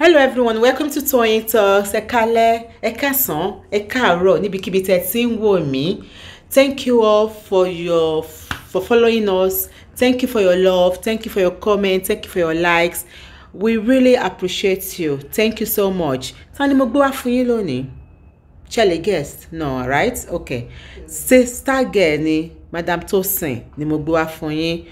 hello everyone welcome to Toyeen Talks ẹ kálẹ́ ẹ kásán ẹ níbikíbi tẹ́ ti ń wò mí thank you all for your for following us thank you for your love thank you for your comment thank you for your likes we really appreciate you thank you so much ta ni mo gbé wá fún yín lónìí ṣẹlẹ guest no right okay ṣe star girl ni madam Tosin ni mo gbé wá fún yín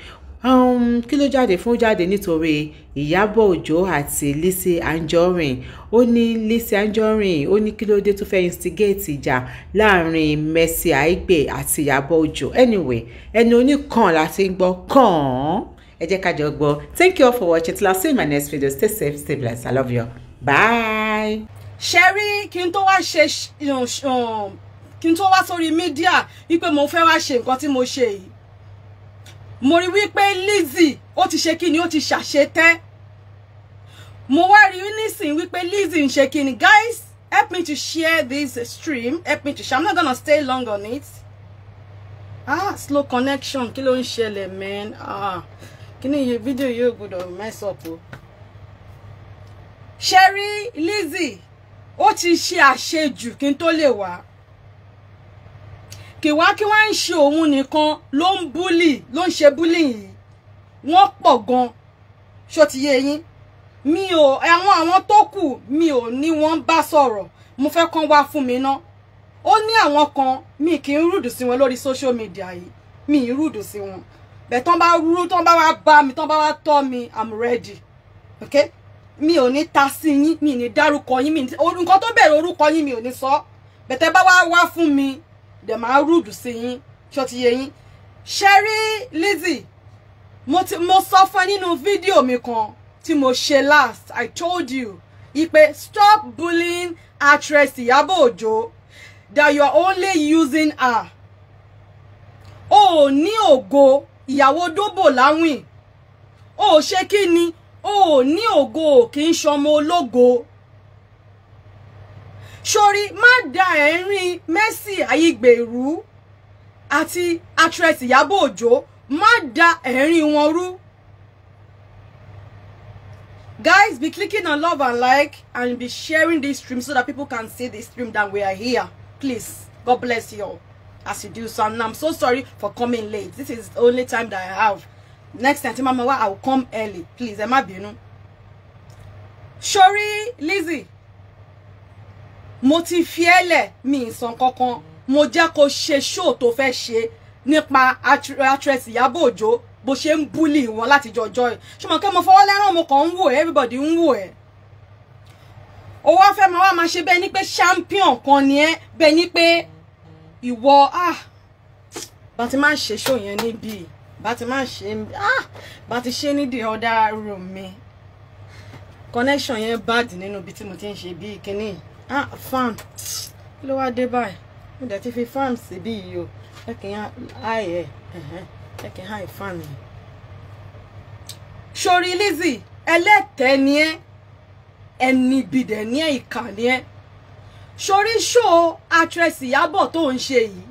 um, kí ló jáde fún jáde nítorí ìyábọ̀ òjó àti Lizzy Anjorin ó ní lisi Anjorin ó ní kí ló dé tó fẹ́ instigate ìjà láàrin Mercy Aigbe àti ìyábọ̀ òjó anyway ẹni oníkan láti ń gbọ́ kàn án ẹ jẹ́ ká jọ gbọ́ thank you all for watching till i see you in my next video stay safe stay blessed i love you bye. ṣe rí kí n tó wá ṣe um, kí n tó wá sórí mídíà wípé mo fẹ́ wá ṣe nǹkan tí mo ṣe yìí mo rí wípé Lizzy ó ti ṣe kí ni ó ti ṣàṣetẹ́ mo wá rí nísìn wípé Lizzy ń ṣe kí ni guys help me to share this stream help me to share i'm not gonna stay long on it ah slow connection kí ló ń ṣẹlẹ̀ man ah kí ni iye fídíò yóò gbọdọ̀ mess up o ṣe rí Lizzy ó ti ṣe àṣejù kí n tó lè wá kì wá kí wá ń ṣe òun nìkan ló ń búlì ló ń ṣe búlì yìí wọ́n pọ̀ gan ṣó ti yé yín mi ò àwọn àwọn tó kù mi ò ní wọ́n bá sọ̀rọ̀ mo fẹ́ kán wá fún mi ná ó ní àwọn kan mi kì í rúdù sí wọn lórí social media yìí mi ì rúdù sí wọn bẹ̀ tán bá rú tán bá wá bá mi tán bá wá tọ́ mi i'm ready okay mi ò ní ta sí yín mi ò ní dárúkọ yín mi nǹkan tó bẹ̀rẹ̀ orúkọ yín mi ò ní sọ bẹ̀tẹ̀ bá wá wá fún mi dẹ̀ máa rúdù sí yín ṣó ti yé yín ṣẹ́rí Lizzy mo ti mo sọ fún ẹ nínú fídíò mi kan tí mo ṣe last I told you ipe stop bullying actress Ìyábọ̀ Òjó that you are only using her o ò ní ògo ìyàwó dóbò láwìn o ò ṣe kí ni o ò ní ògo kì í ṣọmọ ológo sori má da ẹ̀rín Mercy Ayigberu àti actress Ìyábọ̀ Òjó má da ẹ̀rín wọn rú guys be clicking on love and like and be sharing this stream so that people can see the stream that we are here please god bless you all as you do so and i'm so sorry for coming late this is the only time that i have next time mama i will come early please ẹ má bínú sori Lizzie mo ti fi ẹ́ lẹ̀ mi ìsàn kankan mo jẹ́ kó ṣe ṣóò tó fẹ́ ṣe nípa actress Ìyábọ̀ Òjó bó ṣe ń búlì wọn láti jọjọ́ ẹ̀ ṣùgbọ́n kí mo fọwọ́ lẹ́ràn mo kàn ń wò ẹ́ everybody ń wò ẹ́ o wá fẹ́ máa wá máa ṣe bẹ́ẹ̀ ni pé champion kan ni ẹ́ bẹ́ẹ̀ ni pé ìwọ ah bá ti máa ń ṣe ṣó yẹn níbí bá ti máa ṣe ah bá ti ṣe ní the other room mi connection yẹn bad nínú ibi tí mo ti ń ṣe bíi kínní ah fan kí ló wá dé báyìí mo dẹ̀ ti fi fan síbí yìí o lẹ́kìn háì ẹ̀ lẹ́kìn háì fan yìí. sori Lizzy ẹlẹ́tẹ̀ ni ẹ́ ẹni bìdẹ̀ ní ẹ̀ ìkà ni ẹ́ sori ṣó actress Ìyábọ̀ tó ń ṣe yìí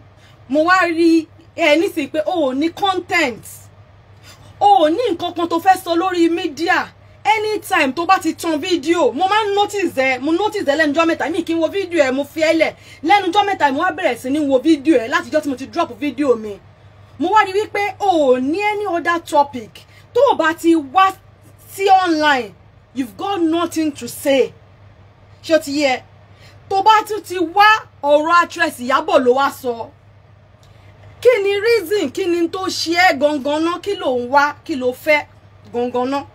mo wá rí ẹ nísìnyí pé o ò ní content o ò ní nǹkan kan tó fẹ́ sọ lórí mídíà anytime tó bá ti tan fídíò mo máa ń notice ẹ mo notice ẹ lẹ́nujọ́ mẹ́ta mi kì í wo fídíò ẹ mo fi ẹ lẹ̀ lẹ́nujọ́ mẹ́ta mo wá bẹ̀rẹ̀ sí ní wo fídíò ẹ látijọ́ tí mo ti drop fídíò mi mo wá rí wípé o ní any other topic tó o bá ti wá sí online you've got nothing to say ṣé o ti yẹ tó bá tún ti wá ọ̀rọ̀ actress Ìyábọ̀ ló wá sọ kí ni reason kí ni tó ṣe é gangan ná kí ló ń wá kí ló fẹ́ gangan ná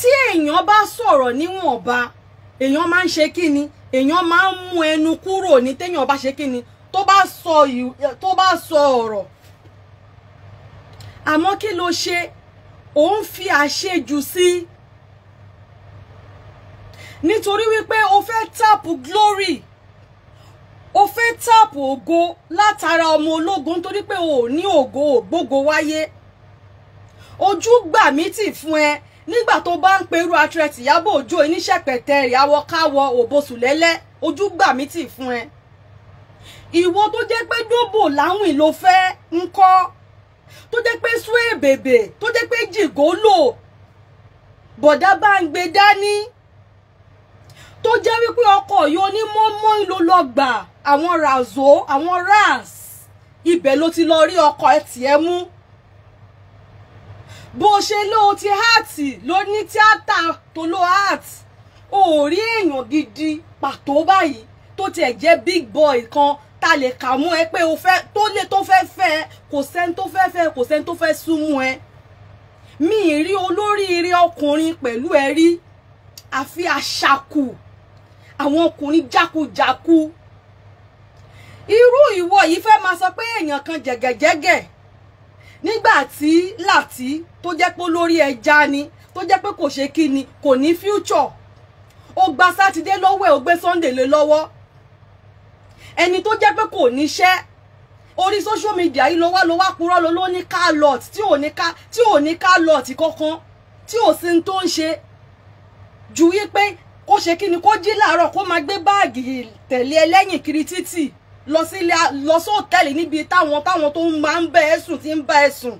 tí èèyàn bá sọ̀rọ̀ níwọ̀nba èèyàn máa ń ṣe kí ni èèyàn máa ń mú ẹnu kúrò ní téèyàn bá ṣe kí ni tó bá sọ tó bá sọ ọ̀rọ̀ àmọ́ kí ló ṣe òun fi àṣejù sí nítorí wípé o fẹ́ tàpù glory o fẹ́ tàpù ògo látara ọmọ ológun nítorí pé o ò ní ògo ògbógo wáyé ojú gbà mí tì fún ẹ nígbà tó bá ń perú atrẹ́tì Ìyábọ̀ Òjó oníṣẹ̀pẹ̀tẹ̀ rẹ̀ awọkáwọ òbosùlẹ́lẹ́ ojú gbà mí tì fún ẹ ìwọ tó jẹ́ pé dóbò láwìn ló fẹ́ ń kọ́ tó jẹ́ pé sún èbèbè tó jẹ́ pé jìgólò bọ̀dá bá ń gbé dání tó jẹ́ wípé ọkọ̀ yìí onímọ̀mọ́ ló lọ gbà àwọn ràzó àwọn rans ibẹ̀ ló ti lọ rí ọkọ̀ ẹ̀ tiẹ̀ mú bó ṣe lóo ti áàtì ló ní tíátà tó ló áàtì ò rí èèyàn gidi pàtó báyìí tó tiẹ̀ jẹ́ big boy kan ta lè kà mú ẹ pé o fẹ́ tó lè tó fẹ́ fẹ́ kò sẹ́ni tó fẹ́ fẹ́ kò sẹ́ni tó fẹ́ súnmọ́ ẹ mi ì rí olóríire ọkùnrin pẹ̀lú ẹ rí àfi àṣàkù àwọn ọkùnrin jákujàku irú ìwọ yìí fẹ́ máa sọ pé èèyàn kan jẹ̀gẹ̀jẹ̀gẹ̀ nígbà tí Láti tó jẹ́ pé olórí ẹja ni tó jẹ́ pé kò ṣe kí ni kò ní future ó gba sátidé lọ́wọ́ ẹ̀ ó gbé Sunday lé lọ́wọ́ ẹni tó jẹ́ pé kò níṣẹ́ orí social media yìí ló wá ló wá purọ́ ló ló ní car lot tí ò ní car tí ò ní car lot kankan tí ò sí tó ń ṣe ju wípé kó ṣe kí ni kó jí làárọ̀ kó máa gbé báàgì tẹ̀lé ẹlẹ́yìn kiri títì lọ sílé lọ sí òtẹ́ẹ̀lì níbi táwọn táwọn tó máa ń bẹ ẹ sùn ti ń bá ẹ sùn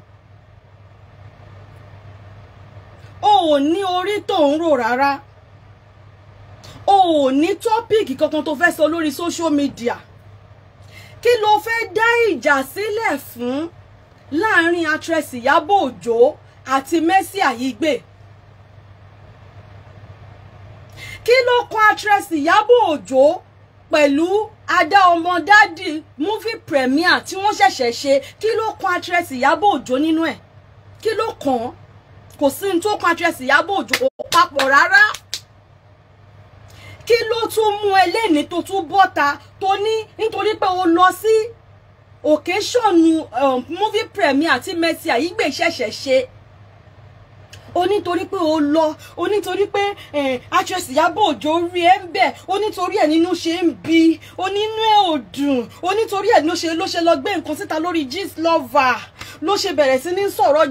o ò ní orí tó ń rò rárá o ò ní tọ́pìkì kankan tó fẹ́ sọ lórí social media kí ló fẹ́ dá ìjà sílẹ̀ fún láàrin actress Ìyábọ̀ Òjó àti Mercy Àyígbè kí ló kọ actress Ìyábọ̀ Òjó pẹ̀lú adá ọmọ dádì movie premiere tí wọ́n ṣẹ̀ṣẹ̀ ṣe kí ló kan actress Ìyábọ̀ Òjó nínú ẹ̀ kí ló kàn án kò sí ní tó kan actress Ìyábọ̀ Òjó kò papọ̀ rárá kí ló tún mú ẹlẹ́ni tó tún bọ́ta tó ní o lọ sí òkè ṣọ̀nù um, movie premiere tí Mercy Aigbe ṣẹ̀ṣẹ̀ ṣe. ṣe o nítorí pé o lọ o nítorí pé actress Ìyábọ̀ Òjó rí ẹ ń bẹ̀ o nítorí ẹ̀ nínú ṣe ń bi o nínú ẹ̀ ò dùn o nítorí ẹ̀ ló ṣe ló ṣe lọ gbé nǹkan síta lórí gist lover ló ṣe bẹ̀rẹ̀ sí ní sọ̀rọ̀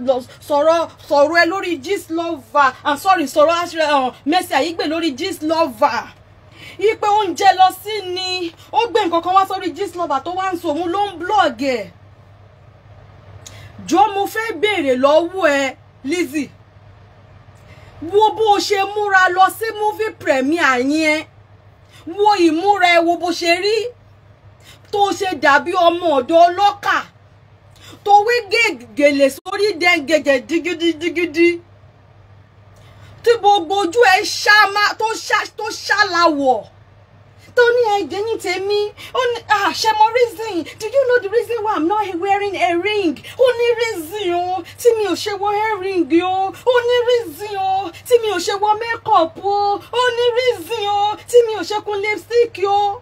sọ̀rọ̀ sọ̀rọ̀ ẹ lórí gist lover i'm sorry sọ̀rọ̀ Mercy Aigbe lórí gist lover ipe oúnjẹ lọ sí ni ó gbé nǹkan kan wá sórí gist lover tó wá ń sọ òun ló ń blog ẹ̀ jọ́ mo fẹ́ béèrè lọ́wọ́ ẹ Lizzie wo bó ṣe múra lọ sí movie premiere yẹn wo ìmúra ẹ wo bó ṣe rí tó ṣe dàbí ọmọ ọ̀dọ̀ ọlọ́kà tó wí gègèlè sórí dẹ́ngẹ̀gẹ̀ digidígidí tí gbogbo ojú ẹ ṣá tó ṣàlàwọ̀. Tony, ní ẹ̀jẹ̀ yín tèmi ó ní àṣẹ ah, mọ reason do you know the reason why i'm not wearing a ring ó ní reason o tí mi ò ṣe wọ earring o ó ní reason o tí mi ò ṣe wọ makeup o ó ní reason o tí mi ò ṣe kun lipstick o.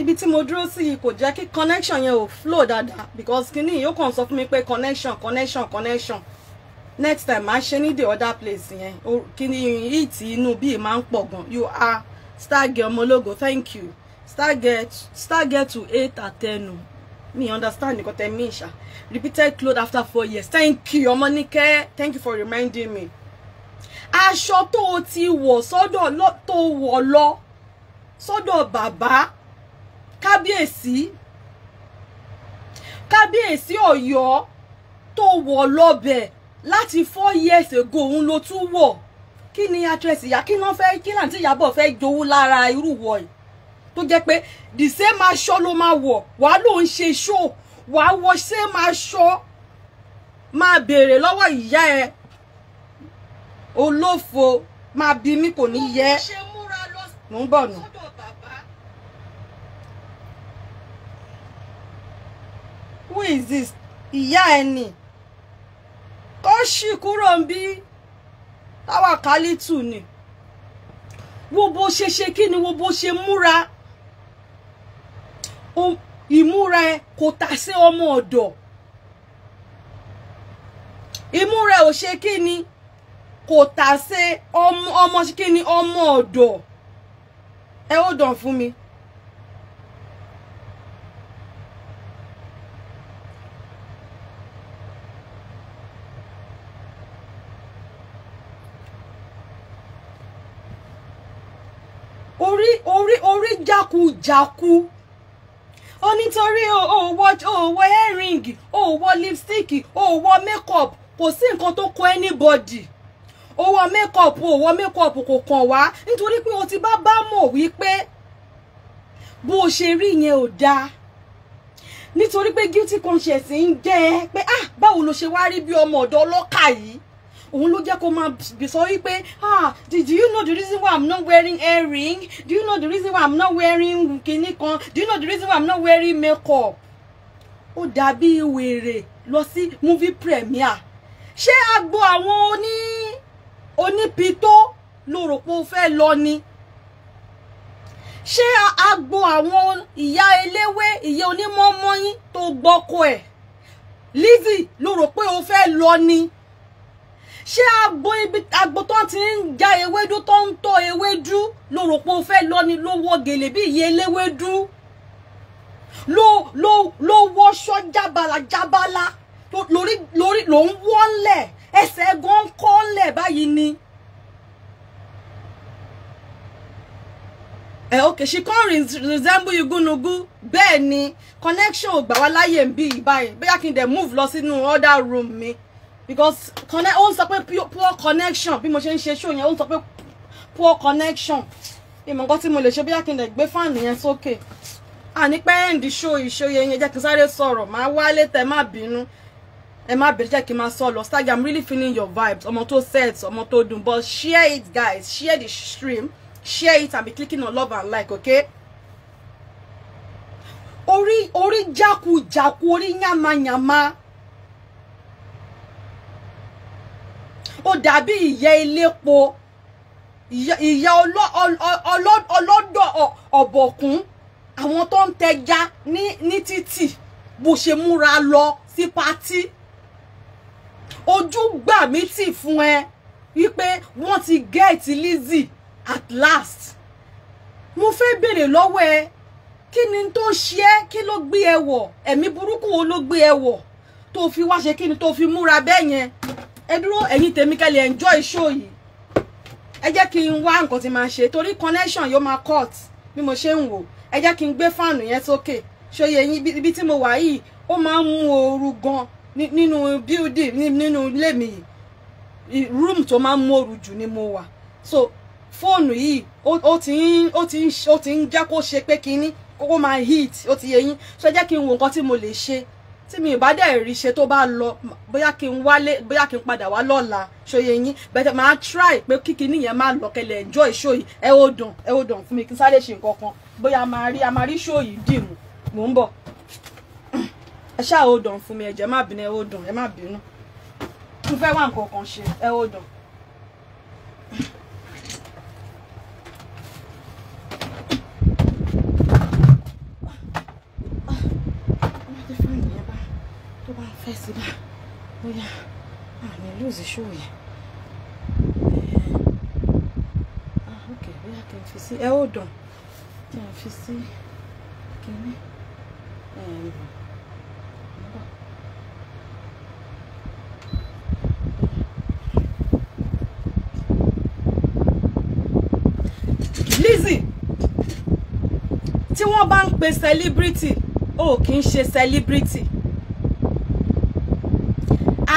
ibi tí mo dúró sí kò jẹ́ kí connection yẹn ò flow dáadáa because kínní yóò kàn sọ fún mi pé connection connection connection. connection next time máa ṣe ní the other place yẹn kíni ìtì inú bíi máa ń pọ̀ gan you are star girl ọmọlógo thank you star girl star girl to eight at ten o me understand nǹkan tẹ mí ṣá repeated cloth after four years thank you ọmọnìkẹ́ thank you for reminding me to tó o ti wọ̀ to tó wọ̀ lọ Baba. bàbá kábíyèsí kábíyèsí ọ̀yọ́ tó wọ̀ lọ́bẹ̀ láti four years ago òun ló tún wọ̀ kí ni address ìyá kí ló fẹ́ kí làǹtí ìyàbọ̀ fẹ́ jowú lára irú wọ̀ yìí tó jẹ́ pé the same aṣọ ló máa wọ̀ wàá ló ṣe show wàá wọ same aṣọ máa béèrè lọ́wọ́ ìyá ẹ olófo máa bí mi kò ní yẹ mò ń bọ̀ nù. who is this ìyá ẹ ni ó ṣì kúrò ń bí táwa kálítù ni wo bó ṣe ṣe kí ni wo bó ṣe múra ìmúra ẹ kò tà sí ọmọ ọ̀dọ̀ ìmúra ẹ ò ṣe kí ni kò tà sí ọmọ ṣe kí ni ọmọ ọ̀dọ̀ ẹ ó dàn fún mi. jákújákú ó nítorí òwò òwò earring òwò lipstick òwò makeup kò sí nǹkan tó kọ anybody òwò makeup òwò makeup kò kàn wá nítorí pé o ti bá bá mọ̀ wípé bó o ṣe rí yẹn ò dáa nítorí pé guilty conscience ń jẹ́ pé ah báwo lo ṣe wá rí bí ọmọ ọ̀dọ́ ọlọ́kà yìí òun ló jẹ́ kó máa sọ wípé ah do you know the reason why i'm not wearing earring do you know the reason why i'm not wearing kinní kan do you know the reason why i'm not wearing makeup ó dàbí wèrè lọ sí movie premiere ṣé agbo àwọn oní onípitó ló rò pé ó fẹ́ lọ ni ṣé agbo àwọn ìyá eléwé ìyá onímọ̀mọ́yín tó gbọ́kọ ẹ̀ Lizzy ló rò pé ó fẹ́ lọ ni ṣé agbo ibi agbo tó ti ń ja ewédú tó ń tọ́ ewédú ló rò pé o fẹ́ lọ ni ló wọ gèlè bí iye eléwédú ló ló ló wọṣọ jábala jábala lórí lórí ló ń wọ́lẹ̀ ẹsẹ̀ gan kọ́lẹ̀ báyìí ni. ẹ ok she can resemble igunugu bẹ́ẹ̀ ni connection ò gbà wá láyè ń bí ìbáyìí bóyá kí n dẹ̀ move lọ sínú other room mi because ó ń sọ pé poor connection bí mo ṣe ń ṣe show yẹn ó ń sọ pé poor connection ìmọ̀ nǹkan tí mo lè ṣe bí akin lè gbé fáànù yẹn sókè àní pé ẹ̀ǹdì show ìṣòye yẹn jẹ́ kí n sáré sọ̀rọ̀ máa wálé tẹ̀ má bínú ẹ má bèrè jẹ́ kí n máa sọ lọ Sagi i'm really feeling your vibes ọmọ tó set ọmọ tó dùn but share it guys share the stream share it and be clicking on love and like okay orí orí jákujàku orí yàmàyàmà. ó dàbí ìyẹ́ ilépo ìyá ọlọ́dọ̀ ọ̀bọ̀kún àwọn tó ń tẹja ní títì bó ṣe múra lọ sí patí ojú gbà mí tì fún ẹ wípé wọ́n ti get Lizzy at last mo fẹ́ béèrè lọ́wọ́ ẹ kí ni tó ṣe ẹ́ kí ló gbé ẹ wọ̀ ẹ̀mí burúkú wo ló gbé ẹ wọ̀ tó fi wá ṣe kí ni tó fi múra bẹ́ẹ̀ yẹn ẹ dúró ẹ̀yin tèmi kẹ́lẹ̀ enjoy show yìí ẹ jẹ́ kí n wá nǹkan tí máa ṣe torí connection yóò máa cut bí mo ṣe ń wò ẹ jẹ́ kí n gbé fáànù yẹn sókè ṣòye yín ibi tí mo wà yìí ó máa ń mú gan nínú building nínú ilé mi room to máa ń mú ooru ni mo wà so fóònù yìí ó ti ń ó ti ń ó ti ń jẹ́ kó ṣe pé kínní kó máa heat ó ti yẹ yín so ẹ jẹ́ kí n wo nǹkan tí mo lè ṣe tí mi ò bá dẹ̀ rí ṣe tó bá lọ bóyá kí n wálé bóyá kí n padà wá lọ́la ṣòye yín but máa try pé kíkí nìyẹn máa lọ kẹlẹ̀ enjoy show yìí ẹ ó dùn ẹ ó dùn fún mi kí n sáré ṣe nǹkan kan bóyá a máa rí show yìí dì mú mò ń bọ̀ ẹ ṣáà ó dùn fún mi ẹ jẹ́ má bínú ẹ ó dùn ẹ má bínú mo fẹ́ wá nǹkan kan ṣe ẹ ó dùn. tó bá fẹ́ sí bá bóyá àmì lùzì ṣòwò yẹn eh, ah, ok bóyá kí n fi sí ẹ ó dàn kí n fi sí kínní eh, ẹ Lizzie tí wọ́n bá ń pe celebrity ó kì í ṣe celebrity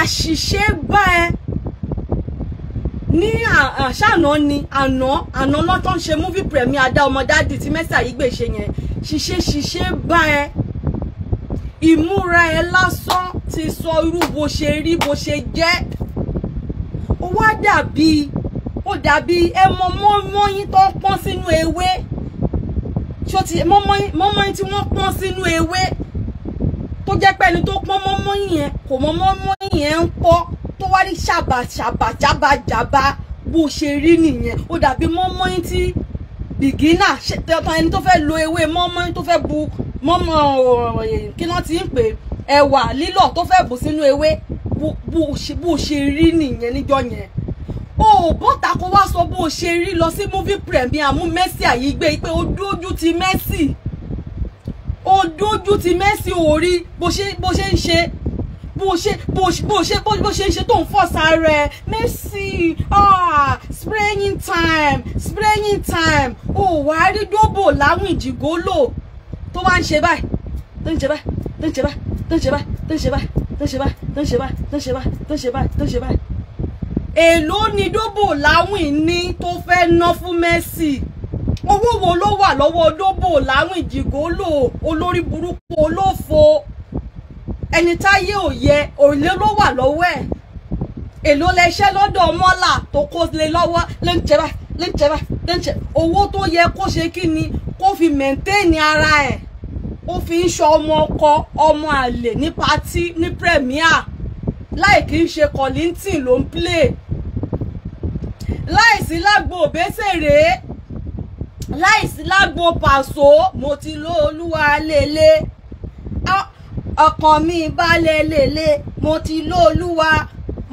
àṣìṣe bá ẹ ní àṣàná ni àná àná lọ́tọ́ ń ṣe múfì pẹ̀mí adá ọmọ dádì tí mẹ́sà yìí gbè ṣe yẹn ṣìṣe ṣìṣe bá ẹ ìmúra ẹ lásán ti sọ irú bó ṣe rí bó ṣe jẹ́ ó wá dàbí ó dàbí ẹ mọ mọ́mọ́yín tó pọ́n sínú ewé mọ́mọ́yín tí wọ́n pọ́n sínú ewé tó jẹ́ pé ẹni tó pọ́n mọ́mọ́yín yẹn kò mọ́ yẹn ń kọ́ tó wá ní ṣàbàṣàbàjábàjábà bó ṣe rí nìyẹn ó dàbí mọ́mọ́yìn tí bìgínà tọ́tàn ẹni tó fẹ́ lo ewé mọ́mọ́yìn tó fẹ́ bu mọ́mọ́ eh, kí wọ́n ti ń pè ẹ̀wà lílọ̀ tó fẹ́ bù sínú ewé bó ṣe rí nìyẹn níjọ́ yẹn o bọ́tà kó wá sọ bó ṣe rí lọ sí movie premiere mú mercy àyígbé pé ó dójú ti mercy ó dójú ti Messi ò rí bó ṣe ń ṣe bó ṣe bó ṣe bó ṣe bó ṣe ń ṣe tó ń fọ́ sára ẹ̀ Mercy ah spraying time spraying time ó wà á rí dóbò láwọn ìjìgó lò tó wá ń ṣe báyìí tó ń ṣe báyìí tó ń ṣe báyìí tó ń ṣe báyìí tó ń ṣe báyìí tó ń ṣe báyìí tó ń ṣe báyìí tó ń ṣe báyìí tó ń ṣe báyìí tó ń ṣe báyìí. èló ni dóbò láwìn ní tó fẹ́ ná fún Mercy owó wo ló wà lọ́wọ́ dóbò láwìn jìgó lò olórí burúkú olófo ẹni táyé òye òrùlé ló wà lọ́wọ́ ẹ̀ èló lẹ́ṣẹ́ lọ́dọ̀ mọ́là tó kó lé lọ́wọ́ ló ń jẹ báyìí ló ń jẹ báyìí ló ń jẹ owó tó yẹ kó ṣe kí ni kó fi mẹ̀ńtẹ́ẹ̀nì ara ẹ̀ ó fi ń ṣọ ọmọ ọkọ ọmọ àlè ní patí ní premier láì kì í ṣe kọ̀lìntìn ló ń play láìsí lágbo òbésèrè láìsí lágbo pàṣọ mo ti lọ olúwa lélẹ̀ ọkàn mi balẹ̀ lèlè mo ti lóolúwa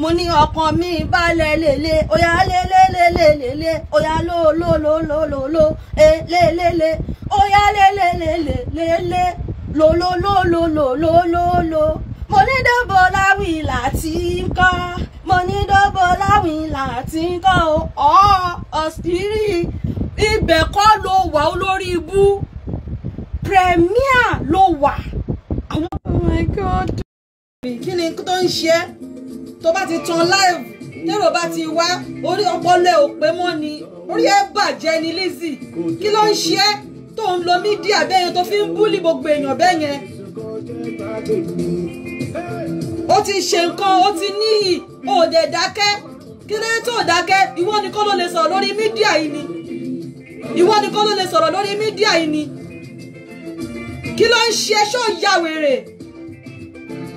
mo ní ọkàn mi balẹ̀ lèlè oya lélélélélélé oya lólólólólóló lélélé oya lélélélélé lólólólólólóló mo ní dóbò láwìn láti ń kọ́ mo ní dóbò láwìn láti ń kọ́ ọ́ ọ̀sìrì ibẹ̀ kọ́ ló wà olórí ibú premier ló. kí ni tó ń ṣe tó bá ti tan live tẹ́rọ bá ti wá orí ọpọlọ ò pé mọ́ ni orí ẹ bàjẹ́ ni Lizzy kí ló ń ṣe é tó ń lo mídíà bẹ́yẹn tó fi ń búlì gbogbo èèyàn bẹ́yẹn ó ti ṣe nǹkan ó ti níyì ó dẹ̀ dákẹ́ kí ló tó dákẹ́ ìwọ ni kọ́ ló lè sọ̀rọ̀ lórí mídíà yìí ni ìwọ ni kọ́ ló lè sọ̀rọ̀ lórí mídíà yìí ni kí ló ń ṣe ṣó ya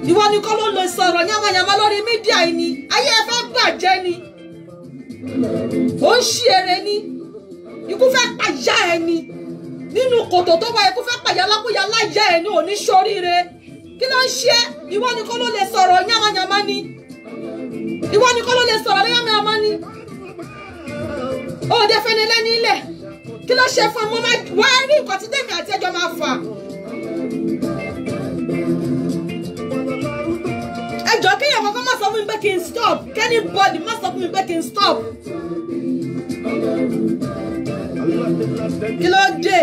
ìwọ ni kọ́ ló lọ sọ̀rọ̀ yamayama lórí mídíà yìí ni ayé ẹ fẹ́ gbàjẹ́ ni ó ń ṣí eré ni ikú fẹ́ pàyà ẹ ni nínú kòtò tó wà ikú fẹ́ pàyà lákúyà láyà ẹ ní òní ṣoríire kí ló ń ṣe ìwọ ni kọ́ ló lè sọ̀rọ̀ yamayama ni ìwọ ni kọ́ ló lè sọ̀rọ̀ yamayama ni òde fẹnilẹ́ nílẹ̀ kí ló ṣe fún ọmọ máa wá rí nǹkan tí tèmi àti ẹjọ́ máa fà. kéèyàn kankan má sọ fún mi pé kí n stop kẹ́nìbọ̀dì má sọ fún mi pé kí n stop. kí ló dé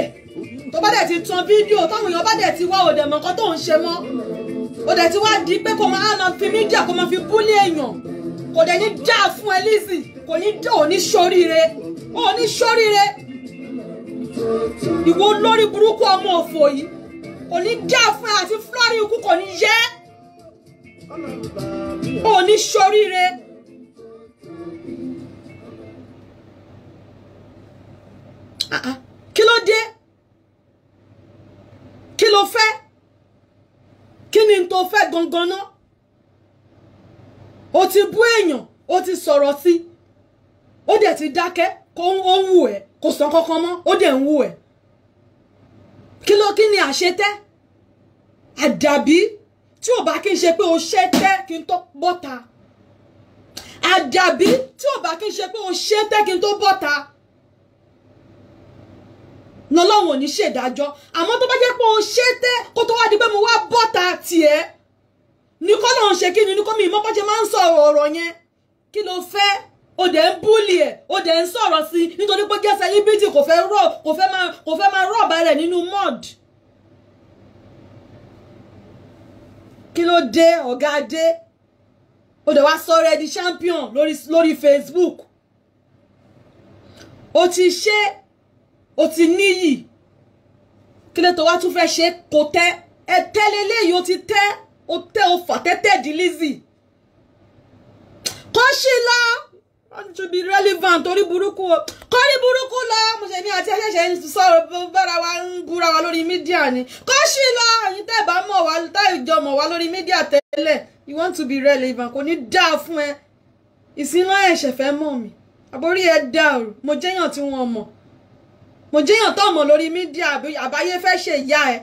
tó bá dẹ̀ ti tan fídíò táwọn èèyàn bá dẹ̀ ti wá òdè mọ̀kọ́ tó ń ṣe mọ́ òdè ti wá di pé kò máa lọ fi mí jà kó máa fi búlé èèyàn kò dẹ̀ ní já fún ẹ Lizzy kò ní dé òní sóríire òní sóríire ìwọ olórí burúkú ọmọ òfò yìí kò ní já fún ẹ àti flori ikú kò ní yẹ ẹ́ ò ní ṣoríire. Ah, ah. kí ló dé kí ló fẹ́ kí ni n tó fẹ́ gangan náà o ti bú èèyàn o ti sọ̀rọ̀ sí ó dẹ̀ ti dákẹ́ kó ó ń wù ẹ́ kò sàn kankan mọ́ ó dẹ̀ ń wù ẹ́ kí ló kí ni àṣetẹ́ àdàbí tí ò bá kí n ṣe pé o ṣẹ́tẹ́ kí n tó bọ́ta àjàbí tí ò bá kí n ṣe pé o ṣẹ́tẹ́ kí n tó bọ́ta lọ́lọ́run ò ní ṣèdájọ́ àmọ́ tó bá jẹ́ pé o ṣẹ́tẹ́ kó tó wá di pé mo wá bọ́ta tiẹ̀ ní kọ́ lọ́run ṣe kí ni ní kó mi ìmọ̀ bọ́jẹ́ máa ń sọ̀rọ̀ ọ̀rọ̀ yẹn kí ló fẹ́ o dẹ̀ ń búlì ẹ̀ o dẹ̀ ń sọ̀rọ̀ sí i nítorí pé jẹ́sẹ̀ yíbítì kò fẹ́ máa rọ̀bà rẹ̀ nínú mud. kí ló dé ọ̀gá dé ó dẹ̀ wá sọ̀rọ̀ ẹ di champion lórí lórí Facebook ó ti ṣe ó ti níyì kí ló tó wá tún fẹ́ ṣe kò tẹ́ ẹ tẹ́lẹ̀ léyìí ó ti tẹ́ ó tẹ́ ó fà tẹ́tẹ́ di Lizzy kó ṣì lọ wọ́n ti be relevant orí burúkú kọ́rí burúkú lọ mo ṣe ní àti ẹ̀ṣẹ̀ṣẹ̀ ń sọ̀rọ̀ bára wa ń gúnra wa lórí mídíà ni kọ́ sí lọ ẹ̀yin tẹ́ bá mọ̀ wá tá ìjọ mọ̀ wá lórí mídíà tẹ́lẹ̀ you want to be relevant kò ní dáa fún ẹ ìsinlá ẹ̀ṣẹ̀ fẹ́ mọ̀ mi àbórí ẹ dá o mo jẹ́yàn tí wọ́n mọ̀ mo jẹ́yàn tó mọ̀ lórí mídíà àbáyé fẹ́ ṣe ìyá ẹ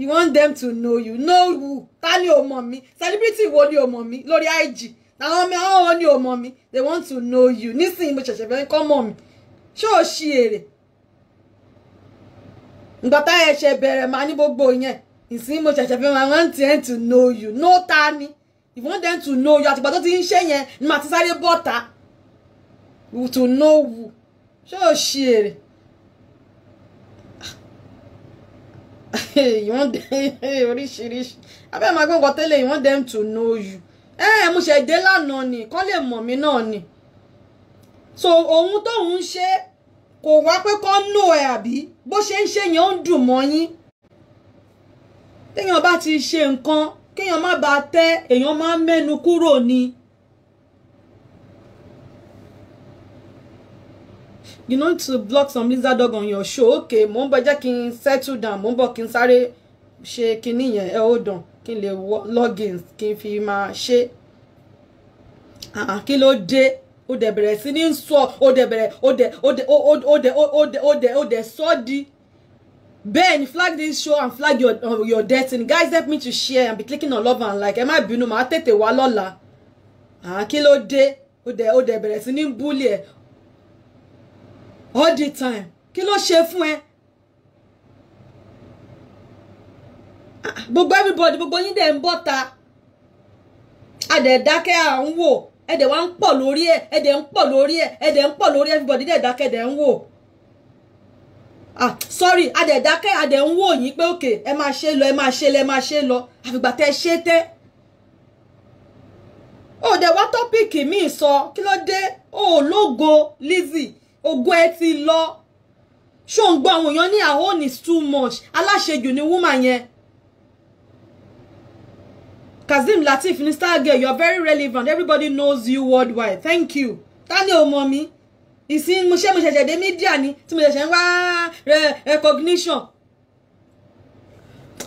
you want them to know you know who ta ni o mọ̀ mi celebrity wo ni o mọ̀ mi lórí IG àwọn ọmọ àwọn ò ní ọmọ mi they want to know you nísìnyí mo ṣẹ̀ṣẹ̀ fẹ́ kọ́ mọ̀ mi ṣé o ṣí èrè ìgbà táyà ẹ̀ṣẹ̀ bẹ̀rẹ̀ máa ní gbogbo yẹn ìsìn mo ṣẹ̀ṣẹ̀ fẹ́ máa want them to know you no ta ni if you want them to know you àtìgbà tó ti ń ṣe yẹn ni màá ti sáré bọ́ta to know you ṣé o ṣí èrè. you want them oríṣiríṣi abẹ́ máa gbé nǹkan tẹ́lẹ̀ you want them to know you ẹ eh, ẹ mo ṣe dé lánàá ni kán lè mọ̀ mí náà ni so ohun tóun ń ṣe kò wá pé kán nù ẹ àbí bó ṣe ń ṣe yẹn ń dùn mọ́ yín téèyàn bá ti ṣe nǹkan kéèyàn má bàa tẹ́ èèyàn máa mẹ́nu kúrò ni. you know to block some lizard dog on your show okay mo ń bọ̀ jẹ́ kí n settle down mo ń bọ̀ kí n sáré ṣe kinní yẹn ẹ ó dàn kí n lè login kí n fi máa ṣe kí ló dé ó dẹ̀ bẹ̀rẹ̀ sí ní sọ ó dẹ̀ bẹ̀rẹ̀ ó dẹ̀ ó dẹ̀ ó dẹ̀ ó dẹ̀ ó dẹ̀ sọ di Ben, flag this show and flag your uh, your destiny. Guys, help me to share and be clicking on love and like. Ẹ má bínú, màá tètè wá lọ́la. Ah, kí ló dé? Ó dẹ̀ ó dẹ̀ bẹ̀rẹ̀ sí ní bully ẹ̀. All the time. Kí ló ṣe fún ẹ? gbogbo everybody gbogbo yín dẹ̀ ń bọ̀ ta a dẹ̀ dákẹ́ à ń wò ẹ dẹ̀ wá ń pọ̀ lórí ẹ̀ ẹ dẹ̀ ń pọ̀ lórí ẹ̀ ẹ ń pọ̀ lórí everybody dẹ̀ dákẹ́ dẹ̀ ń wò ah sorry a dẹ̀ dákẹ́ a dẹ̀ ń wò yín pé òkè ẹ máa ṣe lọ ẹ máa ṣe lọ ẹ máa ṣe lọ àfìgbà tẹ́ ṣe tẹ́ ó dẹ̀ wá tọ́pìkì míì sọ kí ló dé ó lógo Lizzy ògo ẹ ti lọ ṣó ń gbọ́ àwọn èèyàn ní àhónì too much aláṣejù ni woman yẹn Kazim Latif, ní Stargurl you are very relevant everybody knows you worldwide thank you tani o mọ mi ìsìn mo ṣe mo ṣẹ̀ṣẹ̀ dé mídíà ni tí mo ṣẹ̀ṣẹ̀ ń wá recognition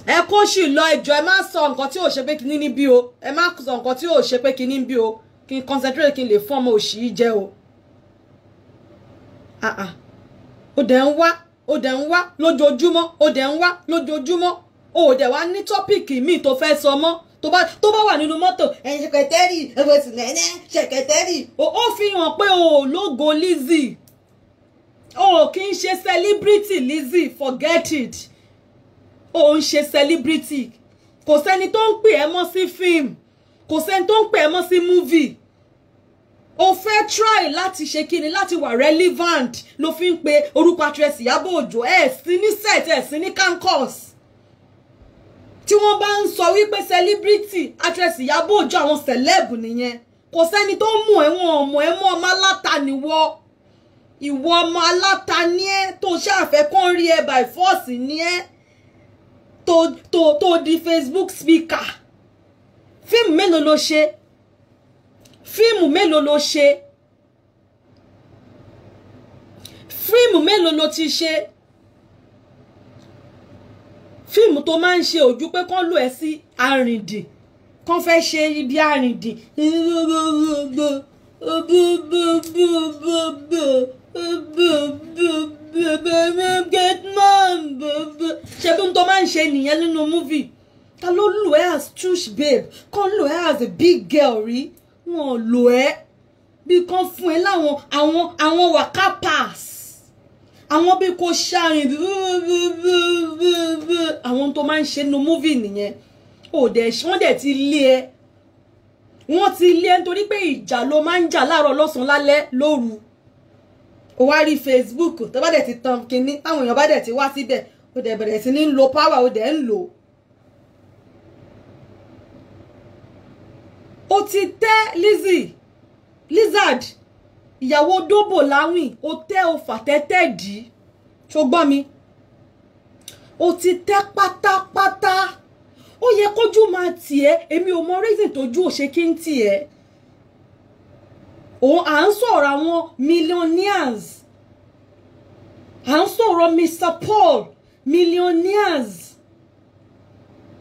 ẹ kó sì lọ ẹjọ́ ẹ má sọ nǹkan tí ò ṣe pé kíní níbí o ẹ má sọ nǹkan tí ò ṣe pé kíní níbí o kí concentrate kí le lè fún ọmọ òṣì yìí jẹ o ó dẹ̀ ń wá ó dẹ̀ ń wá lójoojúmọ́ ó dẹ̀ ń wá lójoojúmọ́ ó dẹ̀ wá ní tọ́pìkì míì tó fẹ́ sọ tó bá tó bá wà nínú mọ́tò ẹ̀yin ṣẹkẹtẹ́rì ẹ̀fọ̀sìnẹ́nẹ́ ṣẹkẹtẹ́rì ó fi hàn pé o ò lógo Lizzy o ò kí ń ṣe celebrity Lizzy forget it o ò ń ṣe celebrity kò sẹ́ni tó ń pè ẹ́ mọ́ sí fíìmù kò sẹ́ni tó ń pè ẹ́ mọ́ sí múvì o fẹ́ try láti ṣe kíni láti wà relevant ló fi ń pe orúkọ àtúrẹ́sì Ìyábọ̀ Òjó ẹ̀ sí ní set ẹ̀ sí ní cancus tí wọ́n bá ń sọ wípé celebrity actress Ìyábọ̀ Òjó àwọn celeb nìyẹn kò sẹ́ni tó mọ̀ ẹ́ wọn ọmọ ẹ mọ́ ọmọ aláta nìwọ ìwọ ọmọ aláta ní ẹ tó ṣàfẹ́ kán rí ẹ by force ní ẹ tó tó tó di Facebook speaker fíìmù mélòó ló ṣe fíìmù mélòó ló ṣe fíìmù mélòó ló ti ṣe fíìmù tó máa ń ṣe ojú pé kán lò ẹ sí arìndì kán fẹ́ ṣe ibi arìndì ṣe bí tó máa ń ṣe nìyẹn nínú múvì ta ló lò ẹ́ as tush babe kán lò ẹ́ as a big girl rí wọn ò lò ẹ́ bí kán fún ẹ láwọn àwọn àwọn waka pass àwọn bí kò ṣàrìn àwọn tó máa ń ṣe nu múvì nìyẹn wọ́n dẹ̀ ti lé ẹ wọ́n ti lé ẹ nítorí pé ìjà ló máa ń jà láàárọ̀ lọ́sàn-án lálẹ́ lóru ó wá rí Facebook tó bá dẹ̀ ti tan kinní táwọn èèyàn bá dẹ̀ ti wá síbẹ̀ ó dẹ̀ bẹ̀rẹ̀ sí ní lo power ó dẹ̀ ń lò ó. ó ti tẹ́ Lizzy Lizard ìyàwó dóbò láwìn o tẹ́ o fàtẹ́tẹ́ dì í tó gbọ́ mi o ti tẹ́ pátápátá ó yẹ kójú máa tì ẹ́ èmi ò mọ reason tójú ò ṣe kí n tì ẹ́ òun à ń sọ̀rọ̀ àwọn millionaires à ń sọ̀rọ̀ Mr Paul millionaires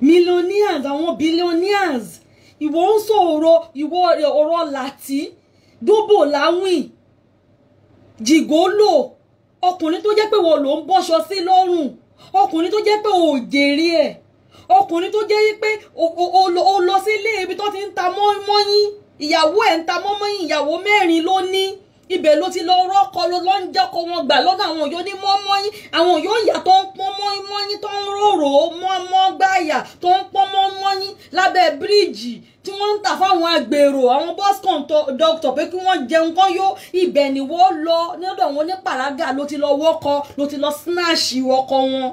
millionaires àwọn billionaires ìwọ ń sọ̀rọ̀ ìwọ ọ̀rọ̀ làtí dóbò láwìn jìgólò ọkùnrin tó jẹ́ pé wọ́n ló ń bọ́ṣọ sí lọ́rùn ọkùnrin tó jẹ́ pé ò jèrè ẹ̀ ọkùnrin tó jẹ́ pé o lọ sí ilé ibi tó ti ń ta mọ́yìn ìyàwó ẹ̀ ń ta mọ́mọ́yìn ìyàwó mẹ́rin ló ní ibẹ̀ ló ti lọ rọ́kọ ló lọ́ ń jẹ́kọ̀ wọn gbà lọ́dọ̀ àwọn òyò ní mọ́mọ́yín àwọn òyò ń yà tó ń pọ́n mọ́yín mọ́yín tó ń rorò mọ́mọ́ gbáyà tó ń pọ́n mọ́mọ́yín lábẹ́ bíríìjì tí wọ́n ń tà fáwọn agbèrò àwọn bus conductor pé kí wọ́n jẹun kán yó ibẹ̀ ni wọ́n lọ nídọ̀ wọn ní pàrágà ló ti lọ wọ́kọ ló ti lọ snatch ọkọ wọn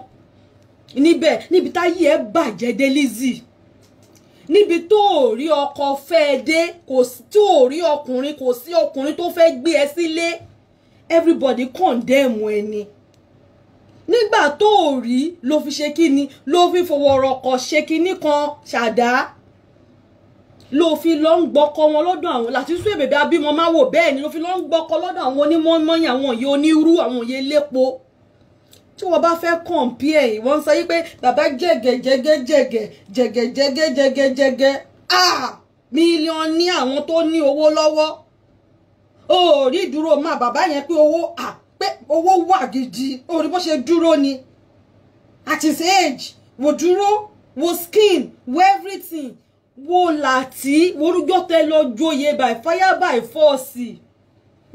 níbẹ̀ níbi táyé ẹ̀ bàjẹ́ dé níbi tó ò rí ọkọ fẹ́ ẹ dé kò sí tó ò rí ọkùnrin kò sí ọkùnrin tó fẹ́ gbé ẹ sílé everybody condemn ẹ ni nígbà tó ò rí ló fi ṣe kíni ló fi fọwọ́rọ̀ kọ̀ ṣe kíní kan ṣàdá ló fi lọ ń gbọ́kọ wọn lọ́dọ̀ àwọn láti sún èbèbè abímọ máa wò bẹ́ẹ̀ ni ló fi lọ ń gbọ́kọ lọ́dọ̀ àwọn onímọ̀ọ́mọ́yìn àwọn òye onírú àwọn òye lépo tí wọ́n bá fẹ́ compare yìí wọ́n sọ yí pé bàbá jẹ̀gẹ̀ jẹ̀gẹ̀ jẹ̀gẹ̀ jẹ̀gẹ̀ jẹ̀gẹ̀ jẹ̀gẹ̀ jẹ̀gẹ̀ ah mílíọ̀n ní àwọn tó ní owó lọ́wọ́ o ò rí ìdúró máa bàbá yẹn pé owó à pé owó wà gidi o rí bó ṣe dúró ni at his age wò dúró wò skin wò everything wò làtí wò rúgbọ́tẹ́ lọ joyè by fire by force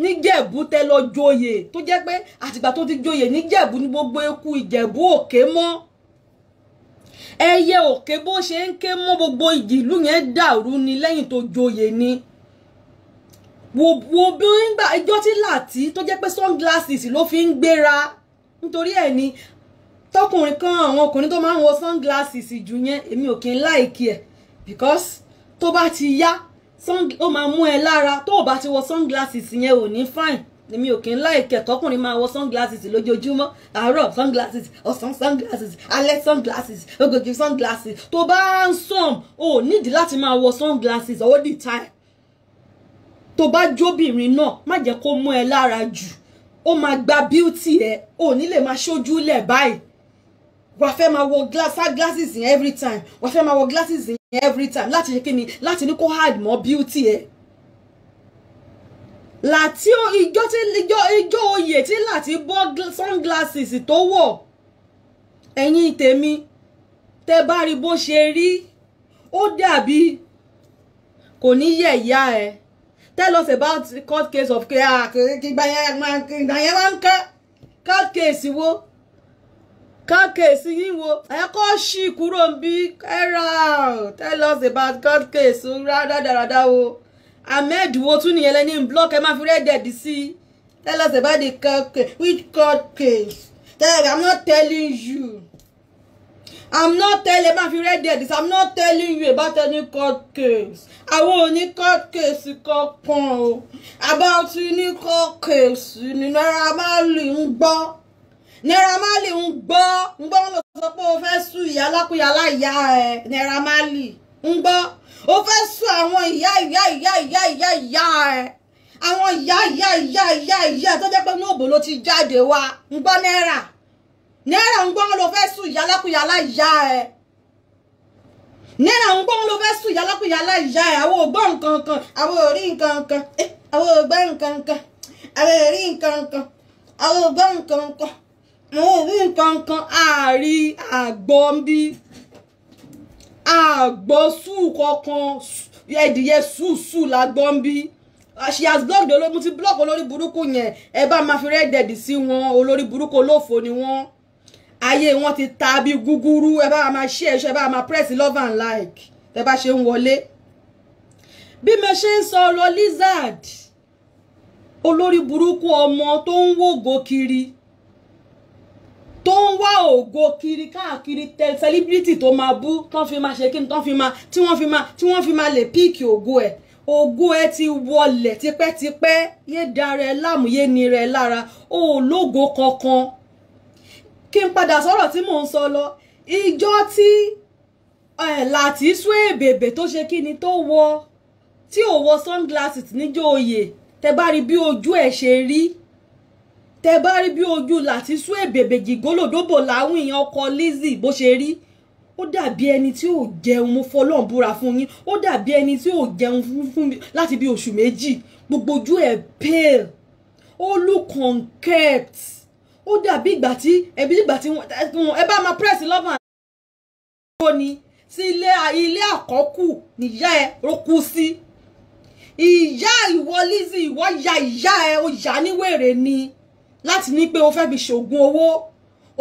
níjẹ̀bú tẹ lọ joyè tó jẹ́ pé àtìgbà tó ti joyè níjẹ̀bú ní gbogbo eku ìjẹ̀bú òkè mọ́ ẹyẹ òkè bó ṣe ń ké mọ́ gbogbo ìjìlú yẹn dàrú ni lẹ́yìn tó joyè ni wo bí nígbà ẹjọ́ tí láti tó jẹ́ pé sunglasses ló fi ń gbéra nítorí ẹ̀ ni tọkùnrin kan àwọn ọkùnrin tó máa ń wọ sunglasses jù yẹn èmi ò kí ń láìkí ẹ̀ because tó bá ti yá ó máa mú ẹ lára tó o bá ti wọ sunglasses yẹn ò ní fine èmi ò kí ń láìkẹ́ kọkùnrin máa wọ sunglasses lójoojúmọ́ àárọ̀ sunglasses ọ̀sán sunglasses alẹ́ sunglasses ogójì sunglasses tó bá ń sọ̀m o nídìí láti máa wọ sunglasses all the time tó bá jóbìnrin náà má jẹ́ kó mú ẹ lára jù ó máa gba beauty ẹ o ní lè máa ṣojú lẹ̀ báyìí wà fẹ́ máa wọ glass glasses yẹn every time wà fẹ́ máa wọ glasses yẹn every time láti ṣe kíni láti ní kó hard mọ́ beauty ẹ̀ láti ìjọ tí ìjọ ìjọ oyè tí láti bọ́ sunglasses tó wọ̀ ẹ̀yin tèmi tẹ́ bá rí bó ṣe rí ó dàbí kò ní yẹ̀yà ẹ̀ tell us about court case of ah, kí gbàyẹn máa ń ká court case wo court case yín wo ẹ kọ́ ṣí kúrò ń bí kẹ́ra tell us about court case rádáradá o ahmed wo tún nìyẹn lẹ́ni block ẹ máa fi rẹ́dẹ̀dì sí i tell us about the court case which court case tell me i'm not telling you i'm not telling ẹ máa fi rẹ́dẹ̀dì sí i'm not telling you about any court case àwọn òní court case kankan o about ní court case ní náírà máa lè ń gbọ́. Naira Marley ń gbọ́ ń gbọ́ ló sọ pé o fẹ́ sú ìyá alákùyà aláìyá ẹ Naira Marley ń gbọ́ o fẹ́ sú àwọn ìyá ìyá ìyá ìyá ìyá ìyá ẹ àwọn ìyá ìyá ìyá ìyá ìyá tó jẹ́ pé ní òbò ló ti jáde wá ń gbọ́ náírà náírà ń gbọ́ ló fẹ́ sú ìyá alákùyà aláìyá ẹ náírà ń gbọ́ ló fẹ́ sú ìyá alákùyà aláìyá ẹ eh, àwọn ò gbọ́ nǹkan kan àwọn ò rí nǹkan kan àwọn ò gbọ́ nǹkan kan àwọn ò rí nǹkan kan àwọn ò gbọ́ nǹkan kan nǹkan kan àárí àgbọ̀ ń bí àgbọ̀ sùn kankan ẹ̀dìyẹ sùn sùn làgbọ̀ ń bí she has blocked olórí mo ti block olórí burúkú yẹn ẹ bá máa fi rẹ́ẹ̀dẹ̀dì sí wọn olórí burúkú olófo ni wọ́n ayé wọn ti ta bí gúgúrú ẹ bá máa ṣe ẹṣọ ẹ bá máa press love and like ẹ bá ṣe ń wọlé bí mo ṣe ń sọ ọ̀rọ̀ lizard olórí burúkú ọmọ tó ń wògó kiri tó ń wá ògo kiri káàkiri tẹ sẹlíbírítì tó máa bú tán fi máa ṣe kí ni tán fi máa tí wọ́n fi máa tí wọ́n fi máa lè píìkì ògo ẹ̀ ògo ẹ ti wọlẹ̀ tipẹ́tipẹ́ yé dára ẹ láàmú yé nira ẹ lára ó lógo kankan kí n padà sọ̀rọ̀ tí mò ń sọ lọ ìjọ tí láti sún èbèbè tó ṣe kí ni tó wọ tí ò wọ sunglasses níjó oyè tẹ bá rí bí ojú ẹ ṣe rí tẹ bá rí bí ojú láti sún èbèbèjì gólòdóbò láwọn èèyàn ọkọ Lizzy bó ṣe rí ó dàbí ẹni tí ò jẹun mo fọlọ́n búra fún yín ó dàbí ẹni tí ò jẹun fún mi láti bí oṣù méjì gbogbo ojú ẹ̀ pale ó look unkept ó dàbí ìgbà tí ẹbí ìgbà tí ẹ bá máa press love and ni sí ilé ilé àkọ́kù níyà ẹ ló sí ìyá ìwọ Lizzy ìwọ ya ìyá ẹ ó yà níwèrè ni. ya, láti ní pé o fẹ́ fi ṣògùn owó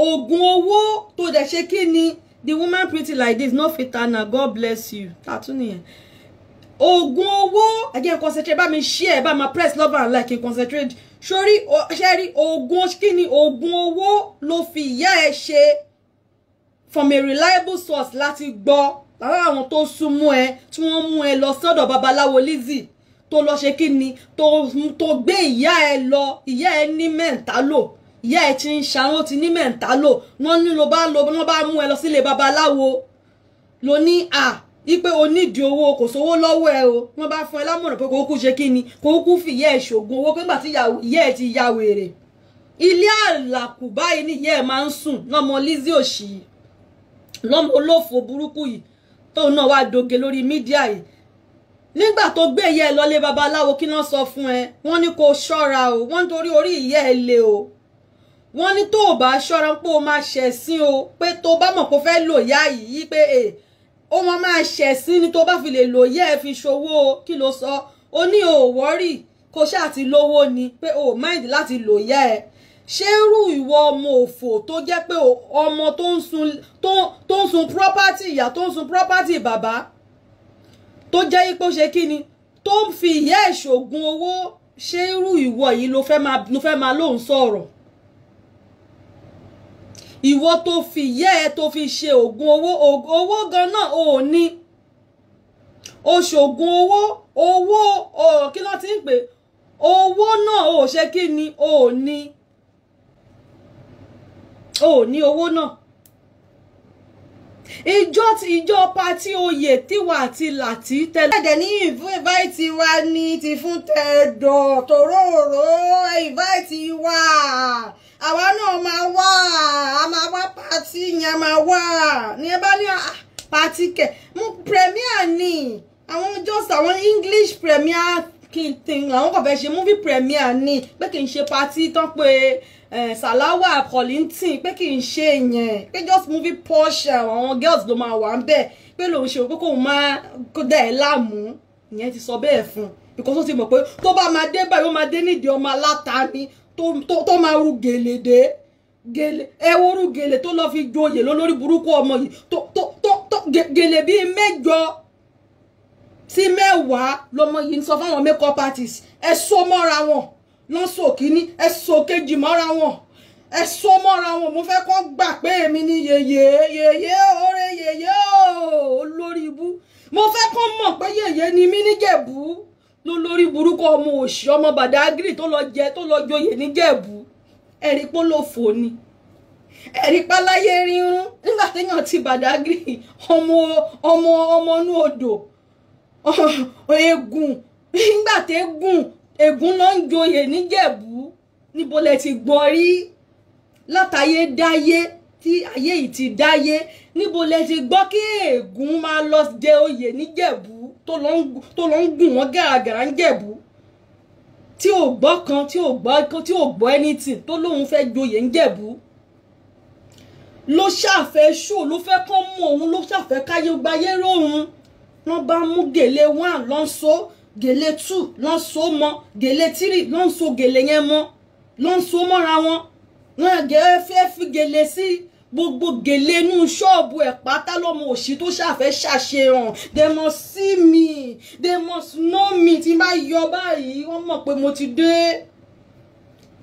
ògùn owó tó dẹ̀ ṣe kí ni the woman pretty like this no fit na god bless you tàtún nìyẹn ògùn owó again concentrate bá mi share bá ma press love and like concentrate sórí ṣẹ́rí ògùn kí ni ògùn owó ló fi ìyá ẹ ṣe from a reliable source láti gbọ́ lára àwọn tó sún mú ẹ tí wọ́n mú ẹ lọ sọ́dọ̀ babaláwo Lizzie tó lọ ṣe kí ni tó gbé ìyá ẹ lọ ìyá ẹ ní mẹ́ǹtálò ìyá ẹ ti ń ṣàrán ó ti ní mẹ́ǹtálò wọ́n ní ló bá lọ wọ́n bá mú ẹ lọ sílé babaláwo lo ní à ipe onídìí owó kò sówó lọ́wọ́ ẹ o wọ́n bá fún ẹ lámọ̀ràn pé kò kú ṣe kí ni kò kú fìyẹ́ ẹ̀ ṣògùn owó pé nígbà ìyá ẹ ti ya wèrè ilé àlàkù báyìí ni ìyá ẹ̀ máa ń sùn lọ́mọ Lizzy òṣì lọ́mọ olófò burúkú yìí tóun náà wá doge lórí mídíà yìí nígbà tó gbé ìyá ẹ lọlé babaláwo kí náà sọ fún ẹ wọ́n ní kó ṣọ́ra o wọ́n nítorí orí ìyá ẹ le o wọ́n ní tó o bá ṣọ́ra pé o máa ṣẹ̀sín o pé tó o bá mọ̀ kó fẹ́ lò yá yìí pé e ó wọn máa ṣẹ̀sín ni tó o bá fi lè lò yá ẹ fi ṣòwò o kí ló sọ o ní o wọ́rì kó ṣáà ti lówó ni pé o mind láti lò yá ẹ ṣé irú ìwọ ọmọ òfò tó jẹ́ pé ọmọ tó ń sun property ìyá tó ń sun property bàbá tó jẹ́ pé ó ṣe kí ni tó ń fi ìyá ẹ̀ ṣògùn owó ṣé irú ìwọ yìí ló fẹ́ máa lóun sọ̀rọ̀ ìwọ tó fi ìyá ẹ tó fi ṣe ògùn owó owó ganan ò ní oṣògùn owó owó kí ló ti ń pè owó náà ò ṣe kí ni ò ní ò ní owó náà ìjọ ìjọ pati oyè tiwa àti làtí tẹlẹ. ẹ̀dẹ̀ ní ìfúnváìtì wa ní ti fún tẹ̀dọ̀ tòróòró ìfúnváìtì wa àwa náà máa wá a máa wá pati yẹn máa wá ní ẹ bá ní ah, pati kẹ mú premier ni. àwọn just àwọn English premier kí n tin àwọn kan fẹ́ ṣe movie premiere ni pé kí n ṣe party tán pé sàláwà kọ̀lìntìn pé kí n ṣe yẹn pé just movie Porsche, àwọn girls ló máa wà ń bẹ̀ pé lòun ṣe pé kóun máa kó dá ẹ̀ láàmú ìyẹn ti sọ bẹ́ẹ̀ fún un because ó ti mọ̀ pé tó bá máa dé báyìí ó máa dé nídìí ọmọ aláta ni tó máa ru gèlè dé gèlè ẹwúrú gèlè tó lọ fi joyè lólórí burúkú ọmọ yìí tó gèlè bíi mẹ́jọ sí mẹ́wàá lọmọ yìí ń sọ fáwọn makeup artist ẹ so mọ́ra wọn lọ́n so kínní ẹ so kejì mọ́ra wọn ẹ so mọ́ra wọn mo fẹ́ kọ́ gbà pé èmi ni yèyé yèyé oore yèyé olórí ibú mo fẹ́ kọ́ mọ̀ pé yèyé ni mí níjẹ̀bú lólórí burúkú ọmọ òṣì ọmọ bàdágìrì tó lọ jẹ tó lọ joyè níjẹ̀bú ẹ̀rí pólòfò ni ẹ̀rí páláyé rírun nígbà téèyàn ti bàdágìrì ọmọ ọmọ ọmọ inú odò eégún nígbà tó eégún eégún náà ń joyè níjẹ̀bú níbo lẹ ti gbọ́ rí látàyé dáyé tí ayé yìí ti dáyé níbo lẹ ti gbọ́ kí eégún máa lọ jẹ oyè níjẹ̀bú tó lọ ń gùn wọ́n gàràgàrà níjẹ̀bú tí ò gbọ́ kan tí ò gbọ́ kan tí ò gbọ́ anything tó lóun fẹ́ joyè níjẹ̀bú ló ṣàfẹ́ ṣó ló fẹ́ kán mú òun ló ṣàfẹ́ káyé gbáyé róhun wọ́n bá mú gèlè one lọ́n so gèlè two lọ́n so mọ́ gèlè three lọ́n so gèlè yẹn mọ́ lọ́n so mọ́ra wọn wọn fẹ́ fi gèlè sí gbogbo gèlè inú ṣọ́ọ̀bù ẹ̀ pátá lọ́mọ òṣì tó ṣàfẹ́ ṣàṣehàn they must see me they must know me tí bá yọ báyìí wọ́n mọ̀ pé mo ti dé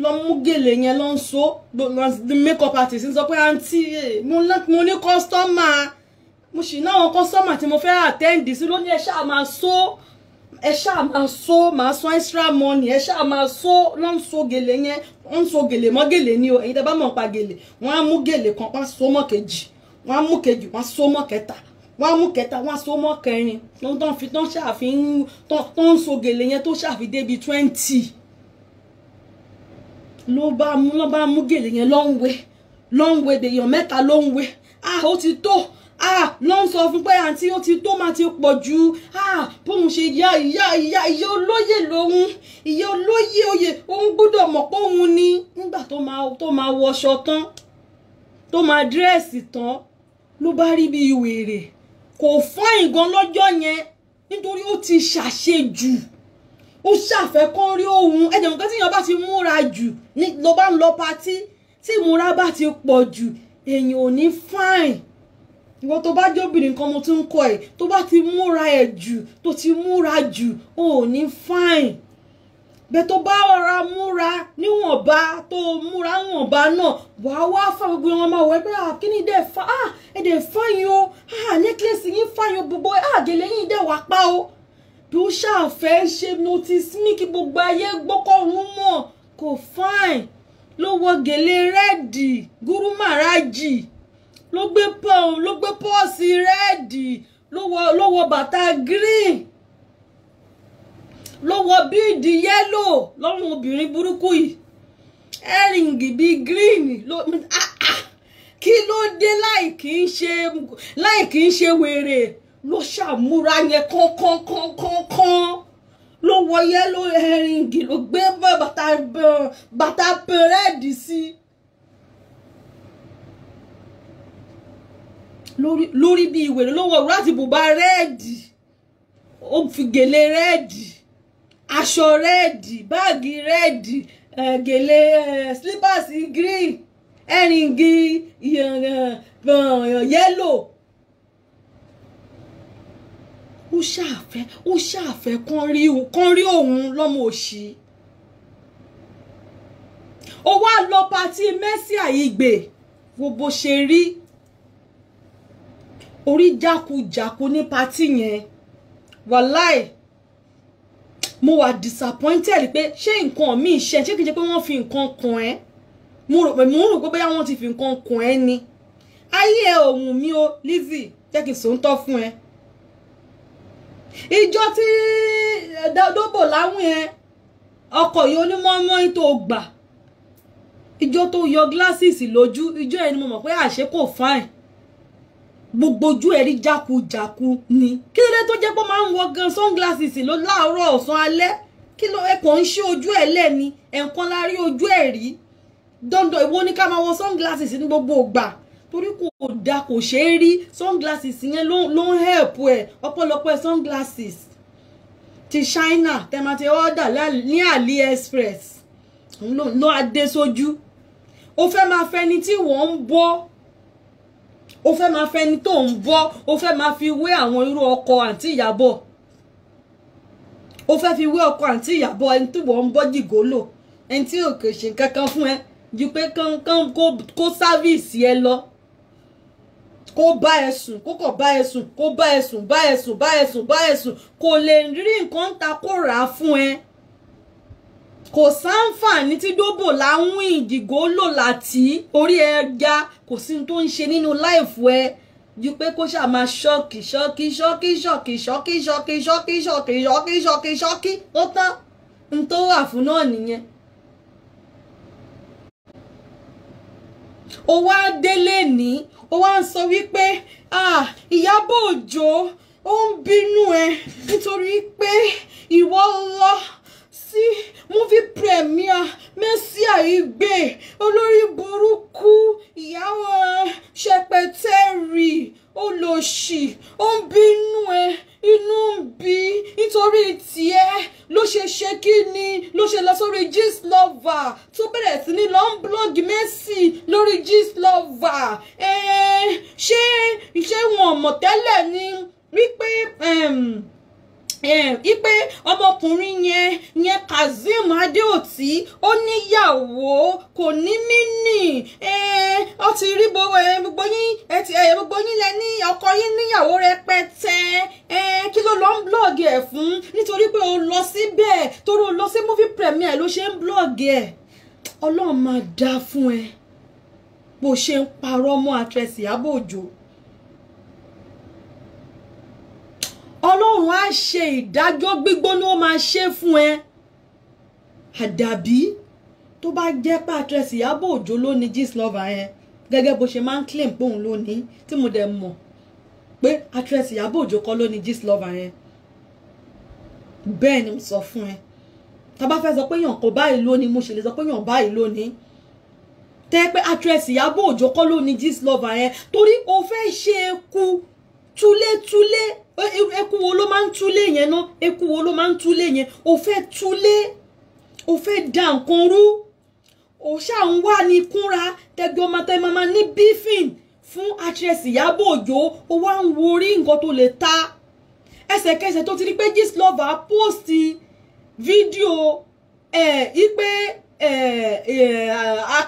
lọ mú gèlè yẹn lọ́n so the make artist sọ pé àǹtí mo ní kọ́sítọ́mà mo sì náà wọn kọ́sọ́mà tí mo fẹ́ àtẹ́ǹdì sí lónìí ẹ ṣáà máa só ẹ ṣáà máa só máa san extra money ẹ ṣáà máa só lọ́n so gèlè yẹn wọ́n ń so gèlè mọ́ gèlè ni o èyí tẹ́ bá mọ̀ pa gèlè wọ́n á mú gèlè kan wọ́n á so mọ́ kejì wọ́n á mú kejì wọ́n á so mọ́ kẹta wọ́n á mú kẹta wọ́n á so mọ́ kẹrin lọ́n tán fi tán ṣàfi ń tán ń so gèlè yẹn tó ṣàfi débi twenty ló bá mú ló bá mú gèlè yẹn lọ́n wé lọ́n wé dèèyàn mẹ́ta ló ń ah ó ti tó ah ló ń sọ fún pé àǹtí ó ti tó máa ti pọ̀ jù ah bóun ṣe ya ìyá ìyá ìyá olóyè lòun ìyá olóyè oyè òun gbọ́dọ̀ mọ̀ pé ni nígbà tó máa wọṣọ tán tó máa dírẹ́sì tán ló bá rí bí wèrè kò fáìn gan lọ́jọ́ yẹn nítorí ó ti ṣàṣejù ó ṣàfẹ́ rí ohun ẹ̀jẹ̀ nǹkan tí èèyàn bá ti múra jù ló bá ń lọ patí tí ìmúra bá ti pọ̀ jù èèyàn ò ní fáìn ìwọ tó bá jóbìnrin kan mo tún ń kọ ẹ tó bá ti múra ẹ jù tó ti múra jù ò ní fine bẹ́ẹ̀ tó bá ọ̀ra múra níwọ̀nba tó múra níwọ̀nba náà wà á wá fà gbogbo wọn máa wọ ẹgbẹ́ àkíní dẹ̀ fa ah ẹ̀dẹ̀ fáyín ah, o ah necklace yín fáyín o gbogbo ah gèlè yín dẹ̀ wá pa o bí ó ṣàfẹ́ ṣe notice mi kí gbogbo ayé gbọ́kọ̀rún mọ̀ kò fine ló wọ gèlè rẹ́ẹ̀dì gúrú màrájì ló gbé pọ́n ló gbé pọ́ọ̀sì rẹ́ẹ̀dì ló wọ bàtà green ló wọ bíìdì yẹ́lò lọ́rùn obìnrin burúkú yìí ẹ̀rìngì bíi green ló ah, ah, kí ló dé láì kì í ṣe láì kì í ṣe wèrè ló ṣàmúra yẹn kánkánkánkán ló wọ yẹ́lò ẹ̀rìngì ló gbé bàtà bàtà pẹ̀rẹ́ẹ̀dì sí i. lórí bí ìwèrè ló wọ òrùn àti bùbá rẹ́ẹ̀dì ó fi gèlè rẹ́ẹ̀dì aṣọ rẹ́ẹ̀dì báàgì rẹ́ẹ̀dì gèlè slippers green ẹ̀rìngì yẹ́lò ó ṣàfẹ́ ó ṣàfẹ́ kán rí òun lọ́mọ òṣì ó wá lọ patí mẹ́sì àyígbè wo bó ṣe rí orí jákujàku ní pati yẹn wàláì mo wà disappointed pé ṣé nǹkan mi ṣe ṣé kìí ṣe pé wọ́n fi nǹkan kàn ẹ́ mo rò pé bóyá wọ́n ti fi nǹkan kàn ẹ́ ni ayé ẹ òun mi o Lizzy jẹ́ kí n sòótọ́ fún ẹ ìjọ tí eh, dóbò láwìn ẹ ọkọ̀ yìí onímọ̀ọ́mọ́ tó gbà ìjọ tó yọ gíláàsì lójú ìjọ ẹni mo mọ̀ pé àṣẹ kò fáìn gbogbo ojú ẹ̀rí jákujàku ni kí ló dé tó jẹ́ pé ó máa ń wọ gan sunglasses ló láàárọ̀ ọ̀sán alẹ́ kí ló ẹ kàn ń ṣe ojú ẹ̀ lẹ́ni ẹ̀ǹkan la rí ojú ẹ̀ rí dandan ìwọ ni ká máa wọ sunglasses ní gbogbo ìgbà torí kò da kò ṣeé rí sunglasses yẹn ló ń help ẹ ọ̀pọ̀lọpọ̀ sunglasses ti China tẹ́mà ti ọ́dà ní AliExpress ló adé sójú ó fẹ́ máa fẹni tí wọ́n ń bọ́ o fẹ́ máa fẹ́ni tó ń bọ́ o fẹ́ máa fi wé àwọn irú ọkọ àǹtí ìyàbọ̀ o fẹ́ fi wé ọkọ àǹtí ìyàbọ̀ ẹni tí wọ́n ń bọ́ jìgólò ẹni tí ò kèṣe kankan fún ẹ ju pé kankan kó sáfíìsì ẹ lọ kó bá ẹ sùn kó kọ̀ bá ẹ sùn kó bá ẹ sùn bá ẹ sùn bá ẹ sùn bá ẹ sùn kò lè rí nǹkan ta kó rà á fún ẹ kò sáǹfààní tí dóbò láwìn ìdìgò lò láti orí ẹja kò sí tó ń ṣe nínú láìfù ẹ ju pé kó ṣáà máa ṣọ́ọ̀kì ṣọ́ọ̀kì ṣọ́ọ̀kì ṣọ́ọ̀kì ṣọ́ọ̀kì ṣọ́ọ̀kì ṣọ́ọ̀kì ṣọ́ọ̀kì ṣọ́ọ̀kì ṣọ́ọ̀kì ṣọ́ọ̀kì ó tán n tó wà fún náà nìyẹn. ó wá délé ní ó wá ń sọ wípé Ìyábọ̀ Òjó ó ń bínú ẹ nítorí pé ìwọ lọ́ọ́ sí movie premiere mẹ́síà igbe olórí burúkú ìyàwó ṣẹpẹtẹ́rì olòṣì ó ń bínú ẹ inú ń bí nítorí tiẹ̀ ló ṣe ṣe kí ni ló ṣe lọ sórí gist lover tó bẹ̀rẹ̀ sí ní lọ́n Merci. Messi lórí gist lover ṣé ṣé wọn mọ̀ tẹ́lẹ̀ ni wípé ipe ọmọkùnrin yẹn yẹn Kazeem Adéòtí ó níyàwó kò ní mínì ó ti rí gbogbo yín gbogbo yín lẹ ní ọkọ yín níyàwó rẹpẹtẹ kí ló lọ ń blọọgì ẹ fún nítorí pé o lọ síbẹ̀ torí o lọ sí movie premier ló ṣe ń blọọgì ẹ ọlọ́run máa dáa fún ẹ bó ṣe ń parọ́ mọ́ àtẹ̀sí àbòjò. ọlọ́run á ṣe ìdájọ́ gbígbóná ó máa ṣe fún ẹ àdàbí tó bá jẹ́ pàtẹ́sì Ìyábọ̀ Òjó ló ní gist lover yẹn gẹ́gẹ́ bó ṣe máa ń claim pé òun ló ní tí mo dẹ̀ mọ̀ pé àtẹ́sì Ìyábọ̀ Òjó kọ́ ló ní lover yẹn bẹ́ẹ̀ ni mo sọ fún ẹ tá bá fẹ́ sọ pé yàn kò báyìí ló ní mo ṣe lè sọ pé yàn báyìí ló tẹ́ pé actress Ìyábọ̀ Òjó kọ́ ló ní lover yẹn torí o fẹ́ ṣe é ku túlétúlé eku wo ló máa ń túlé yẹn náà eku wo ló máa ń túlé yẹn o fẹ́ túlé o fẹ́ da nǹkan rú o ṣáà ń wá ní kúnra tẹgbẹ́ ọmọ tẹ máa ní bífìn fún actress Ìyábọ̀ Òjó o wá ń wo orí nǹkan tó lè ta ẹsẹ̀kẹsẹ̀ tó ti rí pé Gistlover post fídíò ẹ̀ ipe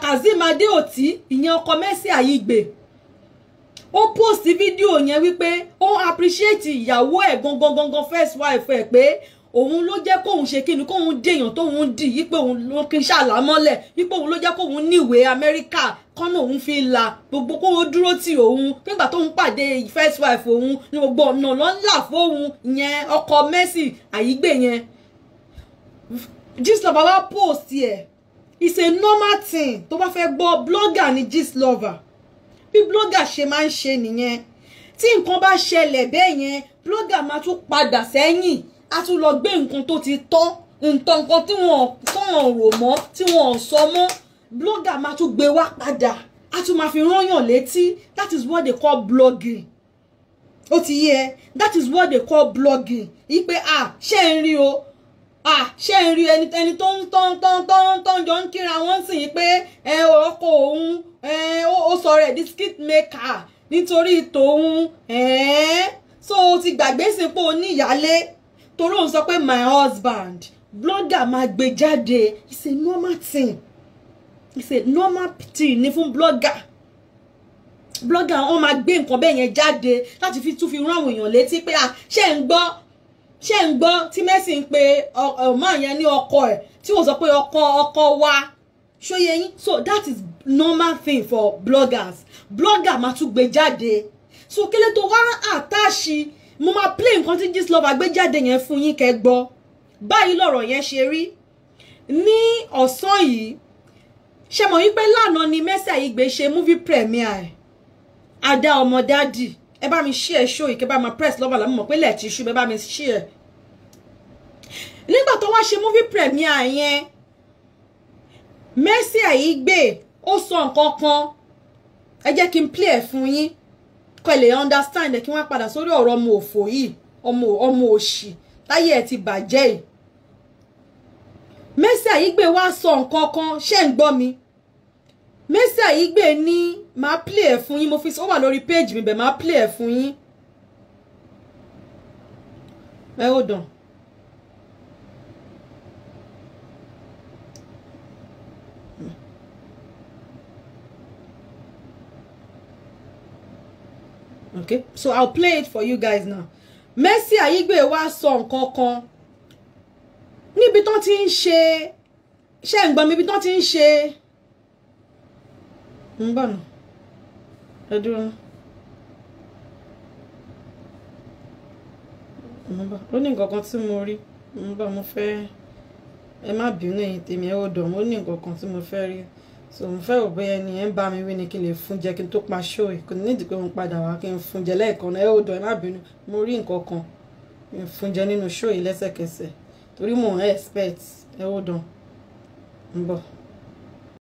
Kazeem Adéòtí ìyẹn ọkọ Mercy Àyìgbè ó post fídíò yẹn wípé ó appreciate ìyàwó ẹ̀ gangan gangan first wife ẹ̀ pé òun ló jẹ́ kóun ṣe kí ni kóun dèèyàn tóun dì wípé òun ló kí n ṣàlámọ́lẹ̀ wípé òun ló jẹ́ kóun níwèé Amẹ́ríkà kọ́nà òun fi la gbogbo kó o dúró tì òun nígbà tóun pàdé first wife òun ní gbogbo ọ̀nà ló ń là fóun yẹn ọkọ Mercy àyígbé yẹn gist lover wá post ẹ̀ it's a normal thing tó bá fẹ́ gbọ́ blogger ni gist lover bí blogger ṣe máa ń ṣe nìyẹn tí nǹkan bá ṣẹlẹ̀ bẹ́ẹ̀ yẹn blogger máa tún padà sẹ́yìn á tún lọ gbé nǹkan tó ti tọ́ nǹkan kan tí wọ́n kàn rò mọ́ tí wọ́n sọ mọ́ blogger máa tún gbé wá padà á tún máa fi rányàn létí that is what they call blogging ó ti yé that is what they call blogging yí pé ah ṣé ń rí o ṣé ń rí ẹni ẹni tó ń tán tán tán tán jọ ń kíra wọ́n sì ń pé ọkọ òun ó sọ rẹ̀ di skit maker nítorí tòun so o ti gbàgbé sípò oníyàlé torí òun sọ pé my husband blogger máa gbé jáde it's a normal thing it's a normal thing ní fún blogger blogger wọn máa gbé nǹkan bẹ́ẹ̀ yẹn jáde láti fi tún fi rán àwọn èèyàn létí pé à ṣé ń gbọ́ ṣé ń gbọ́ tí Mercy ń pe ọmọ yẹn ní ọkọ ẹ̀ tí wọ́n sọ pé ọkọ ọkọ wa ṣóyẹ yín so that is normal thing for bloggers blogger máa tún gbé jáde so kílẹ̀ tó wá àtàṣì mo máa play nǹkan tí Gistlover gbé jáde yẹn fún yín kẹ́ gbọ́ báyìí lọ̀rọ̀ yẹn ṣe rí ní ọ̀sán yìí ṣe mọ̀ wípé lánàá ni Mercy Aigbe ṣe movie premiere Ada adá ọmọ dádì ẹ bá mi share show yìí kẹ́ bá mi press lọ́wọ́ làmú mọ̀ pé lẹ́ẹ̀tì ṣú bẹ́ẹ̀ bá mi share nígbà tó wá ṣe movie premiere yẹn Mercy Aigbe ó sọ nǹkan kan ẹ jẹ́ kí play ẹ̀ fún yín kọ́ ẹ understand ẹ̀ kí wọ́n padà sórí ọ̀rọ̀ ọmọ òfò yìí ọmọ ọmọ òṣì táyé ẹ̀ ti bàjẹ́ yìí Mercy Aigbe wá sọ nǹkan kan ṣé ń mi Mercy Aigbe ní máa play ẹ̀ fún yín mo fi ó wà lórí péèjì mi bẹ̀ máa play ẹ̀ fún yín ẹ hold on. okay so i'll play it for you guys now Mercy Aigbe wá sọ nǹkan kan níbi tán ti ń ṣe ṣe ń gbọ́n mi ibi tán ti ń ṣe ń bọ̀ nù ẹ dúró nù ń bọ̀ ó ní nǹkan kan tí mo rí ń bọ̀ mo fẹ́ ẹ má bínú ẹ̀yin tèmi ẹ ó dọ̀ mo ní nǹkan kan tí mo fẹ́ rí so mo fẹ́ òbí ẹni ẹ̀ ń bá mi wí ni kí n lè fún jẹ kí n tó pa ṣó ẹ̀ kò ní ìdí pé mo padà wá kí n fún jẹ lẹ́ẹ̀kan náà ẹ ó dọ̀ ẹ má bínú mo rí nǹkan kan kí n fún jẹ nínú ṣó yìí lẹ́sẹ̀kẹsẹ̀ torí mò ń expect ẹ ó dọ̀ ń